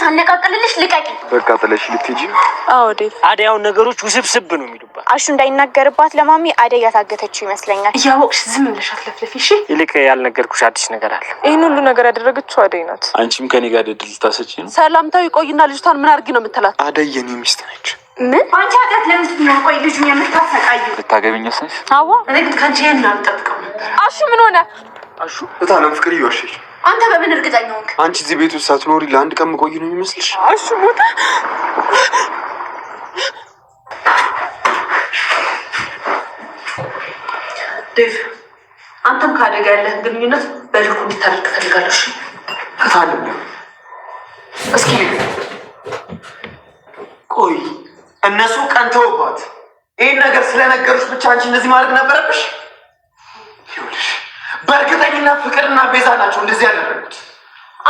ሳነቃቅልልሽ ልቀቂ። በቃ ጥለሽ ልትሄጂ አዎ ዴቭ፣ አደይ አሁን ነገሮች ውስብስብ ነው የሚሉባት። አሹ እንዳይናገርባት ለማሚ አደይ ያታገተችው ይመስለኛል። እያወቅሽ ዝም ብለሽ አትለፍለፊ እሺ። ይልቅ ያልነገርኩሽ አዲስ ነገር አለ። ይህን ሁሉ ነገር ያደረገችው አደይ ናት። አንቺም ከኔ ጋር ድል ልታሰጪ ነው? ሰላምታዊ ቆይና፣ ልጅቷን ምን አድርጊ ነው የምትላት? አደይ የኔ ሚስት ነች። ምን አንቺ አጠት ለምስት ነው? ቆይ ልጁ የምታሰቃዩ ልታገቢኝ ስንሽ? አዋ እኔ ግን ከአንቺ ይህን አልጠብቅም ነበር። አሹ ምን ሆነ? አሹ እታለም ፍቅር እየዋሸች አንተ በምን እርግጠኛ ሆንክ? አንቺ እዚህ ቤት ውስጥ ሳትኖሪ ለአንድ ቀን መቆይ ነው የሚመስልሽ? እሱ ቦታ ዴቭ፣ አንተም ከአደጋ ያለህን ግንኙነት በልኩ እንድታደርግ ፈልጋለሽ። ታለ እስኪ ቆይ፣ እነሱ ቀን ቀንተውባት ይህን ነገር ስለነገሩች ብቻ አንቺ እንደዚህ ማድረግ ነበረብሽ? ይኸውልሽ በእርግጠ እኔና ፍቅርና ቤዛ ናቸው እንደዚህ ያደረጉት።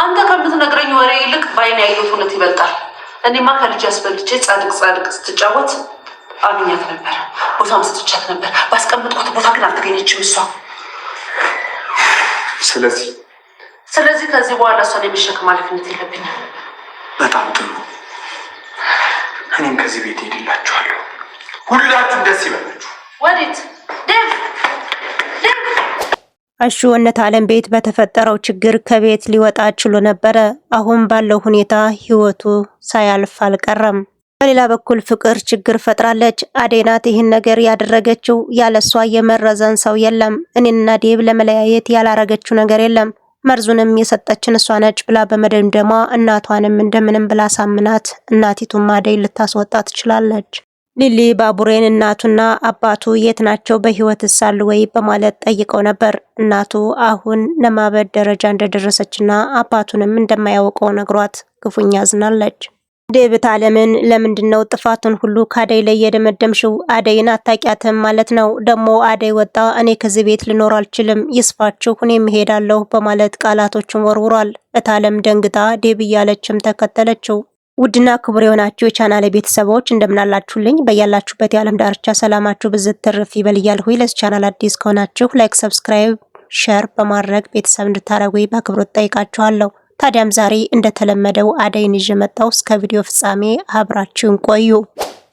አንተ ከምትነግረኝ ወሬ ይልቅ በአይን ያየሁት እውነት ይበልጣል። እኔማ ከልጅ አስበልጬ ጻድቅ ጻድቅ ስትጫወት አግኛት ነበር፣ ቦታም ስትቻት ነበር። ባስቀምጥኩት ቦታ ግን አልተገኘችም እሷ። ስለዚህ ስለዚህ ከዚህ በኋላ እሷን የሚሸከም ኃላፊነት የለብኝም። በጣም ጥሩ። እኔም ከዚህ ቤት ሄድላችኋለሁ። ሁላችሁም ደስ ይበላችሁ። ወዴት አሹ አለም ቤት በተፈጠረው ችግር ከቤት ሊወጣ ችሎ ነበረ። አሁን ባለው ሁኔታ ህይወቱ ሳያልፍ አልቀረም። በሌላ በኩል ፍቅር ችግር ፈጥራለች። አደይ ናት ይህን ነገር ያደረገችው። ያለሷ የመረዘን ሰው የለም። እኔና ዴብ ለመለያየት ያላረገችው ነገር የለም። መርዙንም የሰጠችን እሷ ነች ብላ በመደምደሟ እናቷንም እንደምንም ብላ ሳምናት እናቲቱም አደይ ልታስወጣ ትችላለች። ሊሊ ባቡሬን እናቱና አባቱ የት ናቸው በህይወት ሳሉ ወይ በማለት ጠይቀው ነበር። እናቱ አሁን ለማበድ ደረጃ እንደደረሰችና አባቱንም እንደማያውቀው ነግሯት ክፉኛ አዝናለች። ዴቪት አለምን ለምንድን ነው ጥፋቱን ሁሉ ከአደይ ላይ የደመደምሽው? አደይን አታውቂያትም ማለት ነው? ደግሞ አደይ ወጣ፣ እኔ ከዚህ ቤት ልኖር አልችልም፣ ይስፋችሁ፣ እኔም እሄዳለሁ በማለት ቃላቶችን ወርውሯል። እታለም ደንግጣ ዴብ እያለችም ተከተለችው። ውድና ክቡር የሆናችሁ የቻናል ቤተሰቦች እንደምናላችሁልኝ በያላችሁበት የዓለም ዳርቻ ሰላማችሁ ብዝት ትርፍ ይበል እያልሁኝ ለዚህ ቻናል አዲስ ከሆናችሁ ላይክ፣ ሰብስክራይብ፣ ሸር በማድረግ ቤተሰብ እንድታደረጉ በአክብሮት ጠይቃችኋለሁ። ታዲያም ዛሬ እንደተለመደው አደይን ይዤ መጣሁ። እስከ ቪዲዮ ፍጻሜ አብራችሁን ቆዩ።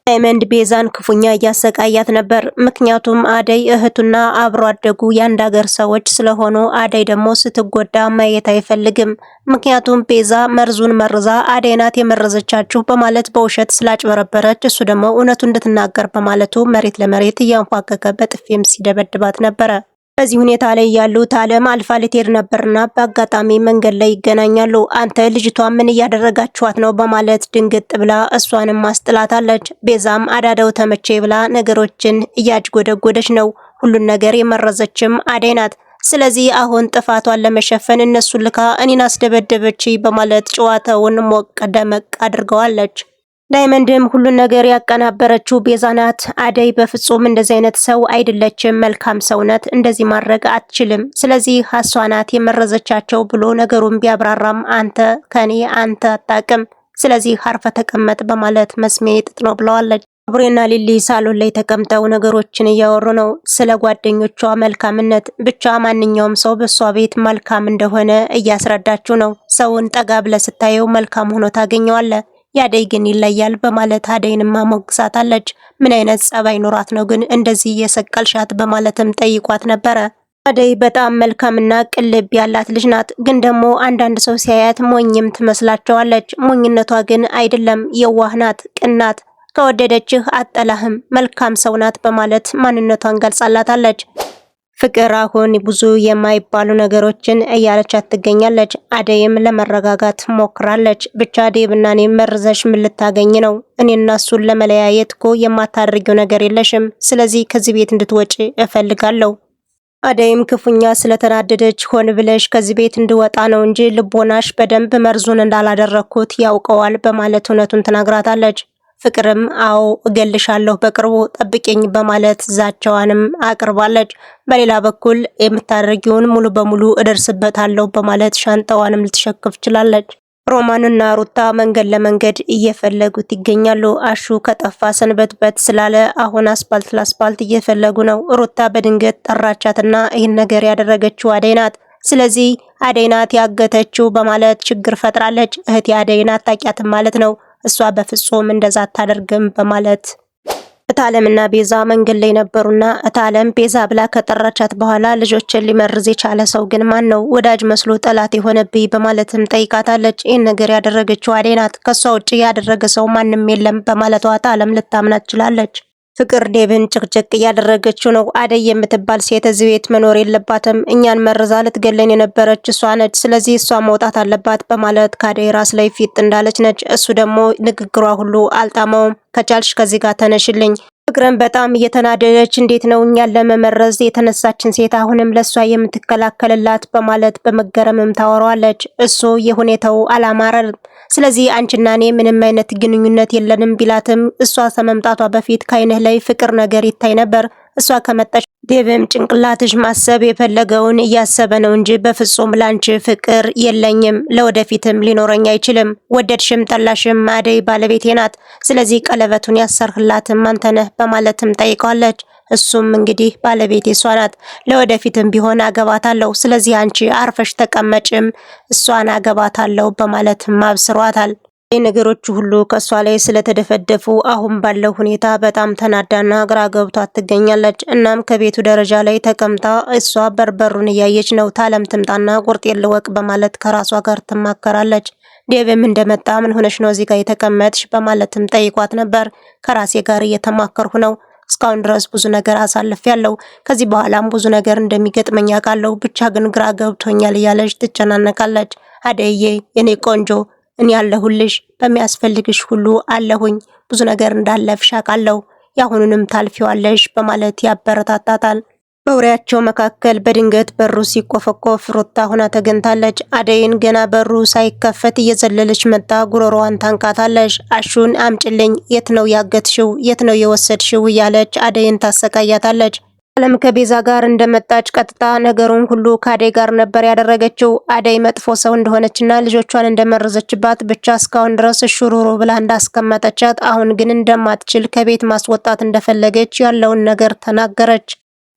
ዳይመንድ ቤዛን ክፉኛ እያሰቃያት ነበር። ምክንያቱም አደይ እህቱና አብሮ አደጉ የአንድ ሀገር ሰዎች ስለሆኑ አደይ ደግሞ ስትጎዳ ማየት አይፈልግም። ምክንያቱም ቤዛ መርዙን መርዛ አደይ ናት የመረዘቻችሁ በማለት በውሸት ስላጭበረበረች እሱ ደግሞ እውነቱ እንድትናገር በማለቱ መሬት ለመሬት እያንፏቀቀ በጥፌም ሲደበድባት ነበረ። በዚህ ሁኔታ ላይ ያሉት አለም አልፋ ልትሄድ ነበርና በአጋጣሚ መንገድ ላይ ይገናኛሉ። አንተ ልጅቷ ምን እያደረጋችኋት ነው? በማለት ድንግጥ ብላ እሷንም ማስጥላታለች። ቤዛም አዳዳው ተመቼ ብላ ነገሮችን እያጅጎደጎደች ነው። ሁሉን ነገር የመረዘችም አደይ ናት። ስለዚህ አሁን ጥፋቷን ለመሸፈን እነሱን ልካ እኔን አስደበደበች በማለት ጨዋታውን ሞቅ ደመቅ አድርገዋለች። ዳይመንድም ሁሉን ነገር ያቀናበረችው ቤዛ ናት። አደይ በፍጹም እንደዚህ አይነት ሰው አይደለችም፣ መልካም ሰው ናት፣ እንደዚህ ማድረግ አትችልም፣ ስለዚህ እሷ ናት የመረዘቻቸው ብሎ ነገሩን ቢያብራራም አንተ ከኔ አንተ አጣቅም ስለዚህ አርፈ ተቀመጥ በማለት መስሜ ጥጥ ነው ብለዋለች። አብሬና ሊሊ ሳሎን ላይ ተቀምጠው ነገሮችን እያወሩ ነው፣ ስለ ጓደኞቿ መልካምነት። ብቻ ማንኛውም ሰው በእሷ ቤት መልካም እንደሆነ እያስረዳችው ነው። ሰውን ጠጋ ብለህ ስታየው መልካም ሆኖ ታገኘዋለህ ያደይ ግን ይለያል በማለት አደይንማ ሞግሳታለች። ምን አይነት ጸባይ ኖራት ነው ግን እንደዚህ እየሰቀልሻት በማለትም ጠይቋት ነበረ። አደይ በጣም መልካምና ቅልብ ያላት ልጅ ናት። ግን ደግሞ አንዳንድ ሰው ሲያያት ሞኝም ትመስላቸዋለች። ሞኝነቷ ግን አይደለም፣ የዋህ ናት፣ ቅን ናት። ከወደደችህ አጠላህም መልካም ሰው ናት በማለት ማንነቷን ገልጻላታለች። ፍቅር አሁን ብዙ የማይባሉ ነገሮችን እያለቻት ትገኛለች። አደይም ለመረጋጋት ሞክራለች። ብቻ ዴብና እኔ መርዘሽ ምን ልታገኝ ነው? እኔ እሱን ለመለያየት እኮ የማታደርጊው ነገር የለሽም። ስለዚህ ከዚህ ቤት እንድትወጪ እፈልጋለሁ። አደይም ክፉኛ ስለተናደደች ሆን ብለሽ ከዚህ ቤት እንድወጣ ነው እንጂ ልቦናሽ በደንብ መርዙን እንዳላደረግኩት ያውቀዋል በማለት እውነቱን ትናግራታለች። ፍቅርም አዎ እገልሻለሁ በቅርቡ ጠብቄኝ በማለት ዛቻዋንም አቅርባለች። በሌላ በኩል የምታደርጊውን ሙሉ በሙሉ እደርስበታለሁ በማለት ሻንጣዋንም ልትሸክፍ ችላለች። ሮማንና ሩታ መንገድ ለመንገድ እየፈለጉት ይገኛሉ። አሹ ከጠፋ ሰንበትበት ስላለ አሁን አስፓልት ለአስፓልት እየፈለጉ ነው። ሩታ በድንገት ጠራቻትና ይህን ነገር ያደረገችው አደይ ናት። ስለዚህ አደይ ናት ያገተችው በማለት ችግር ፈጥራለች። እህቴ አደይ ናት ታውቂያትም ማለት ነው እሷ በፍጹም እንደዛ አታደርግም በማለት እታለምና ቤዛ መንገድ ላይ ነበሩና እታለም ቤዛ ብላ ከጠራቻት በኋላ ልጆችን ሊመርዝ የቻለ ሰው ግን ማን ነው? ወዳጅ መስሎ ጠላት የሆነብኝ በማለትም ጠይቃታለች። ይህን ነገር ያደረገችው አዴናት ከሷ ውጭ ያደረገ ሰው ማንም የለም በማለቷ እታለም ልታምናት ችላለች። ፍቅር ዴብን ጭቅጭቅ እያደረገችው ነው። አደይ የምትባል ሴት እዚህ ቤት መኖር የለባትም፣ እኛን መርዛ ልትገለን የነበረች እሷ ነች፣ ስለዚህ እሷ መውጣት አለባት በማለት ከአደይ ራስ ላይ ፊት እንዳለች ነች። እሱ ደግሞ ንግግሯ ሁሉ አልጣመውም። ከቻልሽ ከዚህ ጋር ተነሽልኝ፣ ፍቅርን በጣም እየተናደደች እንዴት ነው እኛን ለመመረዝ የተነሳችን ሴት አሁንም ለእሷ የምትከላከልላት በማለት በመገረምም ታወራዋለች። እሱ የሁኔታው አላማረም። ስለዚህ አንቺና እኔ ምንም አይነት ግንኙነት የለንም ቢላትም እሷ ከመምጣቷ በፊት ከአይንህ ላይ ፍቅር ነገር ይታይ ነበር እሷ ከመጣች ዴቭም ጭንቅላትሽ ማሰብ የፈለገውን እያሰበ ነው እንጂ በፍጹም ላንቺ ፍቅር የለኝም፣ ለወደፊትም ሊኖረኝ አይችልም። ወደድሽም ጠላሽም አደይ ባለቤቴ ናት። ስለዚህ ቀለበቱን ያሰርህላትም ነህ በማለትም ጠይቀዋለች። እሱም እንግዲህ ባለቤቴ እሷ ናት፣ ለወደፊትም ቢሆን አገባታለሁ። ስለዚህ አንቺ አርፈሽ ተቀመጭም፣ እሷን አገባታለሁ በማለትም አብስሯታል። ነገሮቹ ሁሉ ከእሷ ላይ ስለተደፈደፉ አሁን ባለው ሁኔታ በጣም ተናዳና ግራ ገብቷት ትገኛለች። እናም ከቤቱ ደረጃ ላይ ተቀምጣ እሷ በርበሩን እያየች ነው። ታለም ትምጣና ቁርጤን ልወቅ በማለት ከራሷ ጋር ትማከራለች። ዴቭም እንደመጣ ምን ሆነሽ ነው እዚህ ጋር የተቀመጥሽ በማለትም ጠይቋት ነበር። ከራሴ ጋር እየተማከርሁ ነው። እስካሁን ድረስ ብዙ ነገር አሳልፍ ያለው ከዚህ በኋላም ብዙ ነገር እንደሚገጥመኝ አውቃለሁ፣ ብቻ ግን ግራ ገብቶኛል እያለች ትጨናነቃለች። አደዬ የኔ ቆንጆ እኔ ያለሁልሽ፣ በሚያስፈልግሽ ሁሉ አለሁኝ። ብዙ ነገር እንዳለፍሽ አውቃለሁ። የአሁኑንም ታልፊዋለሽ በማለት ያበረታታታል። በውሪያቸው መካከል በድንገት በሩ ሲቆፈቆፍ ሩታ ሆና ተገኝታለች። አደይን ገና በሩ ሳይከፈት እየዘለለች መጣ። ጉሮሮዋን ታንቃታለች። አሹን አምጭልኝ፣ የት ነው ያገትሽው? የት ነው የወሰድሽው? እያለች አደይን ታሰቃያታለች። አለም ከቤዛ ጋር እንደመጣች ቀጥታ ነገሩን ሁሉ ከአደይ ጋር ነበር ያደረገችው። አደይ መጥፎ ሰው እንደሆነችና ልጆቿን እንደመረዘችባት ብቻ እስካሁን ድረስ ሹሩሩ ብላ እንዳስቀመጠቻት፣ አሁን ግን እንደማትችል ከቤት ማስወጣት እንደፈለገች ያለውን ነገር ተናገረች።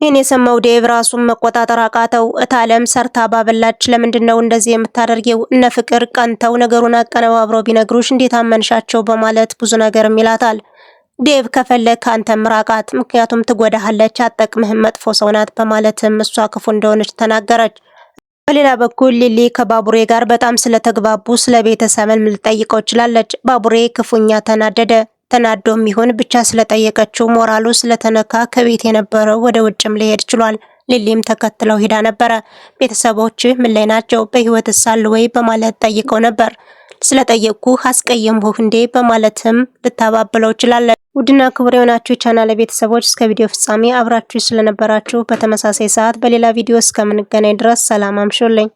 ይህን የሰማው ዴቭ ራሱን መቆጣጠር አቃተው። እታለም ሰርታ ባበላች። ለምንድን ነው እንደዚህ የምታደርጊው? እነ ፍቅር ቀንተው ነገሩን አቀነባብረው ቢነግሩሽ እንዴት አመንሻቸው? በማለት ብዙ ነገርም ይላታል። ዴቭ ከፈለግ ከአንተ ምራቃት፣ ምክንያቱም ትጎዳሃለች፣ አጠቅምህም፣ መጥፎ ሰው ናት በማለትም እሷ ክፉ እንደሆነች ተናገረች። በሌላ በኩል ሊሊ ከባቡሬ ጋር በጣም ስለተግባቡ ስለ ቤተሰብን ልጠይቀው ችላለች። ባቡሬ ክፉኛ ተናደደ። ተናዶም ይሁን ብቻ ስለጠየቀችው ሞራሉ ስለተነካ ከቤት የነበረው ወደ ውጭም ሊሄድ ችሏል። ሊሊም ተከትለው ሄዳ ነበረ። ቤተሰቦች ምን ላይ ናቸው? በህይወት ሳሉ ወይ በማለት ጠይቀው ነበር። ስለጠየቅኩ አስቀየምሁህ እንዴ በማለትም ልታባብለው ችላለች። ውድና ክቡር የሆናችሁ የቻናል ቤተሰቦች እስከ ቪዲዮ ፍጻሜ አብራችሁ ስለነበራችሁ በተመሳሳይ ሰዓት በሌላ ቪዲዮ እስከምንገናኝ ድረስ ሰላም አምሾለኝ